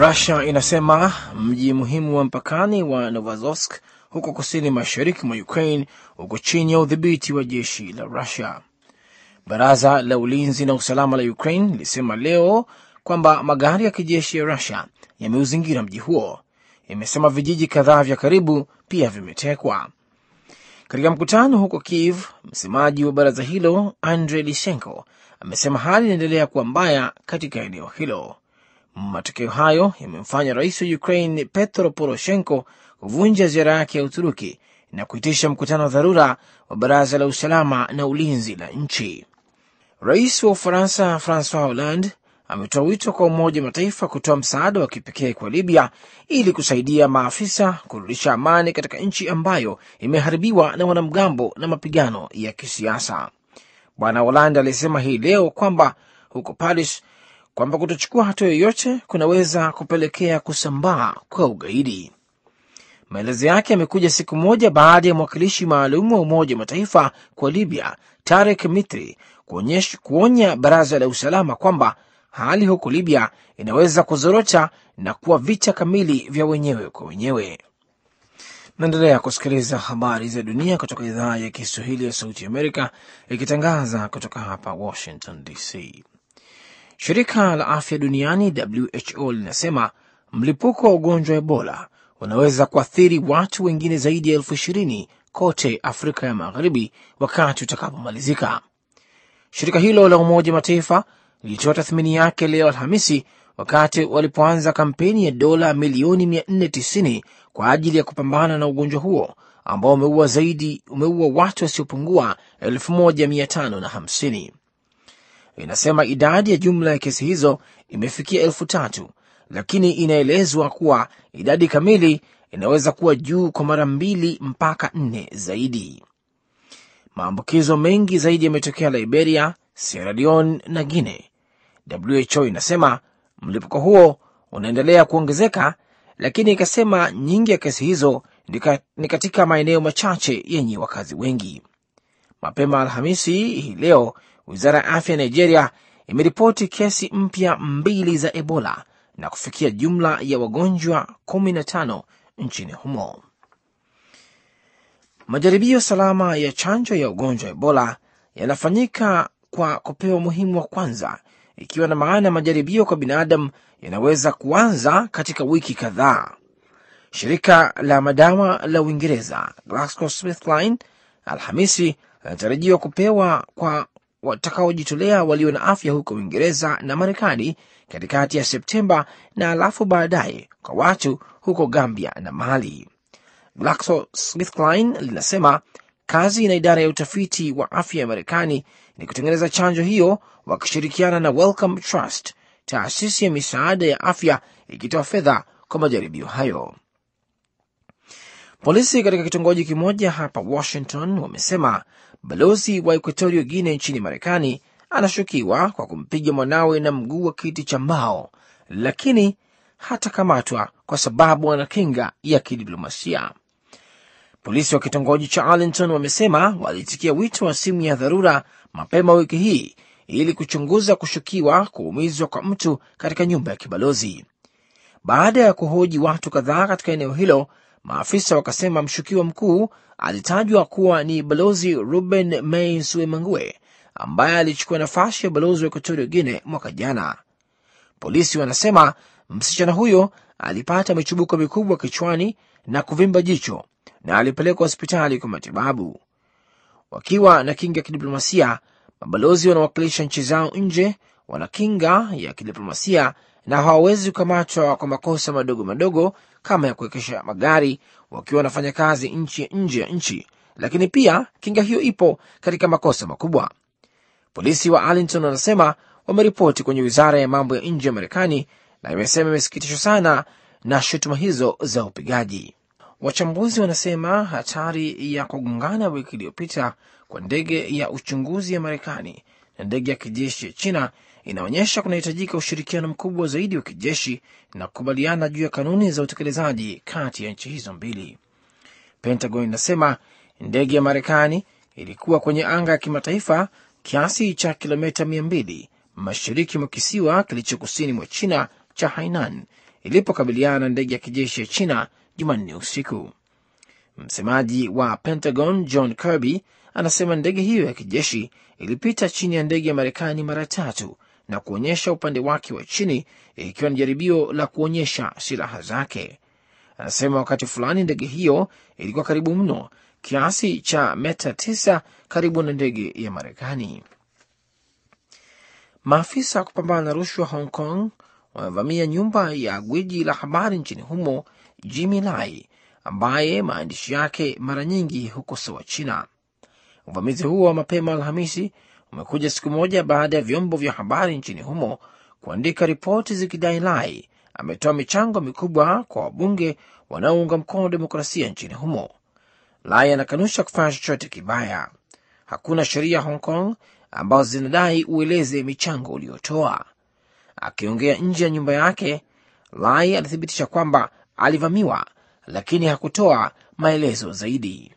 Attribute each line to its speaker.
Speaker 1: Rusia inasema mji muhimu wa mpakani wa Novozovsk huko kusini mashariki mwa Ukraine uko chini ya udhibiti wa jeshi la Rusia. Baraza la ulinzi na usalama la Ukraine lilisema leo kwamba magari ya kijeshi ya Rusia yameuzingira mji huo. Imesema vijiji kadhaa vya karibu pia vimetekwa. Katika mkutano huko Kiev, msemaji wa baraza hilo Andrei Lishenko amesema hali inaendelea kuwa mbaya katika eneo hilo. Matokeo hayo yamemfanya rais wa Ukraine Petro Poroshenko kuvunja ziara yake ya Uturuki na kuitisha mkutano wa dharura wa baraza la usalama na ulinzi la nchi. Rais wa Ufaransa Francois Hollande ametoa wito kwa Umoja wa Mataifa kutoa msaada wa kipekee kwa Libya ili kusaidia maafisa kurudisha amani katika nchi ambayo imeharibiwa na wanamgambo na mapigano ya kisiasa. Bwana Hollande alisema hii leo kwamba huko Paris kwamba kutochukua hatua yoyote kunaweza kupelekea kusambaa kwa ugaidi. Maelezo yake yamekuja siku moja baada ya mwakilishi maalum wa Umoja wa Mataifa kwa Libya Tarek Mitri kuonya Baraza la Usalama kwamba hali huko Libya inaweza kuzorota na kuwa vita kamili vya wenyewe kwa wenyewe. Naendelea kusikiliza habari za dunia kutoka idhaa ya Kiswahili ya Sauti Amerika ikitangaza kutoka hapa Washington DC. Shirika la afya duniani WHO linasema mlipuko wa ugonjwa wa Ebola unaweza kuathiri watu wengine zaidi ya elfu ishirini kote Afrika ya Magharibi wakati utakapomalizika. Shirika hilo la Umoja Mataifa lilitoa tathmini yake leo Alhamisi wakati walipoanza kampeni ya dola milioni 490 kwa ajili ya kupambana na ugonjwa huo ambao umeua zaidi umeua watu wasiopungua 1550 inasema idadi ya jumla ya kesi hizo imefikia elfu tatu, lakini inaelezwa kuwa idadi kamili inaweza kuwa juu kwa mara mbili mpaka nne zaidi. Maambukizo mengi zaidi yametokea Liberia, Sierra Leone na Guine. WHO inasema mlipuko huo unaendelea kuongezeka, lakini ikasema nyingi ya kesi hizo ni katika maeneo machache yenye wakazi wengi. Mapema Alhamisi hii leo Wizara ya afya ya Nigeria imeripoti kesi mpya mbili za Ebola na kufikia jumla ya wagonjwa 15 nchini humo. Majaribio salama ya chanjo ya ugonjwa wa Ebola yanafanyika kwa kupewa umuhimu wa kwanza, ikiwa na maana majaribio kwa binadamu yanaweza kuanza katika wiki kadhaa. Shirika la madawa la Uingereza GlaxoSmithKline Alhamisi linatarajiwa kupewa kwa watakaojitolea walio na afya huko Uingereza na Marekani katikati ya Septemba na alafu baadaye kwa watu huko Gambia na Mali. GlaxoSmithKline linasema kazi na idara ya utafiti wa afya ya Marekani ni kutengeneza chanjo hiyo wakishirikiana na Wellcome Trust, taasisi ya misaada ya afya ikitoa fedha kwa majaribio hayo. Polisi katika kitongoji kimoja hapa Washington wamesema Balozi wa Ekuatorio Guine nchini Marekani anashukiwa kwa kumpiga mwanawe na mguu wa kiti cha mbao, lakini hatakamatwa kwa sababu ana kinga ya kidiplomasia. Polisi wa kitongoji cha Arlington wamesema walitikia wito wa simu ya dharura mapema wiki hii ili kuchunguza kushukiwa kuumizwa kwa mtu katika nyumba ya kibalozi. Baada ya kuhoji watu kadhaa katika eneo hilo, Maafisa wakasema mshukiwa mkuu alitajwa kuwa ni balozi Ruben Mey Suemangue ambaye alichukua nafasi ya balozi wa Ekuatorio Guine mwaka jana. Polisi wanasema msichana huyo alipata michubuko mikubwa kichwani na kuvimba jicho na alipelekwa hospitali kwa matibabu. Wakiwa na kinga ya kidiplomasia, mabalozi wanawakilisha nchi zao nje wana kinga ya kidiplomasia na hawawezi kukamatwa kwa makosa madogo madogo kama ya kuwekesha magari wakiwa wanafanya kazi nchi ya nje ya nchi, lakini pia kinga hiyo ipo katika makosa makubwa. Polisi wa Arlington wanasema wameripoti kwenye wizara ya mambo ya nje ya Marekani na imesema imesikitishwa sana na shutuma hizo za upigaji. Wachambuzi wanasema hatari ya kugongana wiki iliyopita kwa ndege ya uchunguzi ya Marekani na ndege ya kijeshi ya China inaonyesha kunahitajika ushirikiano mkubwa zaidi wa kijeshi na kukubaliana juu ya kanuni za utekelezaji kati ya nchi hizo mbili. Pentagon inasema ndege ya Marekani ilikuwa kwenye anga ya kimataifa kiasi cha kilomita mia mbili mashariki mwa kisiwa kilicho kusini mwa China cha Hainan ilipokabiliana na ndege ya kijeshi ya China Jumanne usiku. Msemaji wa Pentagon John Kirby anasema ndege hiyo ya kijeshi ilipita chini ya ndege ya Marekani mara tatu na kuonyesha upande wake wa chini, ikiwa ni jaribio la kuonyesha silaha zake. Anasema wakati fulani ndege hiyo ilikuwa karibu mno kiasi cha meta tisa karibu na ndege ya Marekani. Maafisa wa kupambana na rushwa Hong Kong wamevamia nyumba ya gwiji la habari nchini humo Jimmy Lai ambaye maandishi yake mara nyingi hukosoa China. Uvamizi huo wa mapema Alhamisi umekuja siku moja baada ya vyombo vya habari nchini humo kuandika ripoti zikidai Lai ametoa michango mikubwa kwa wabunge wanaounga mkono demokrasia nchini humo. Lai anakanusha kufanya chochote kibaya. Hakuna sheria Hong Kong ambazo zinadai ueleze michango uliotoa. Akiongea nje ya nyumba yake, Lai alithibitisha kwamba alivamiwa, lakini hakutoa maelezo zaidi.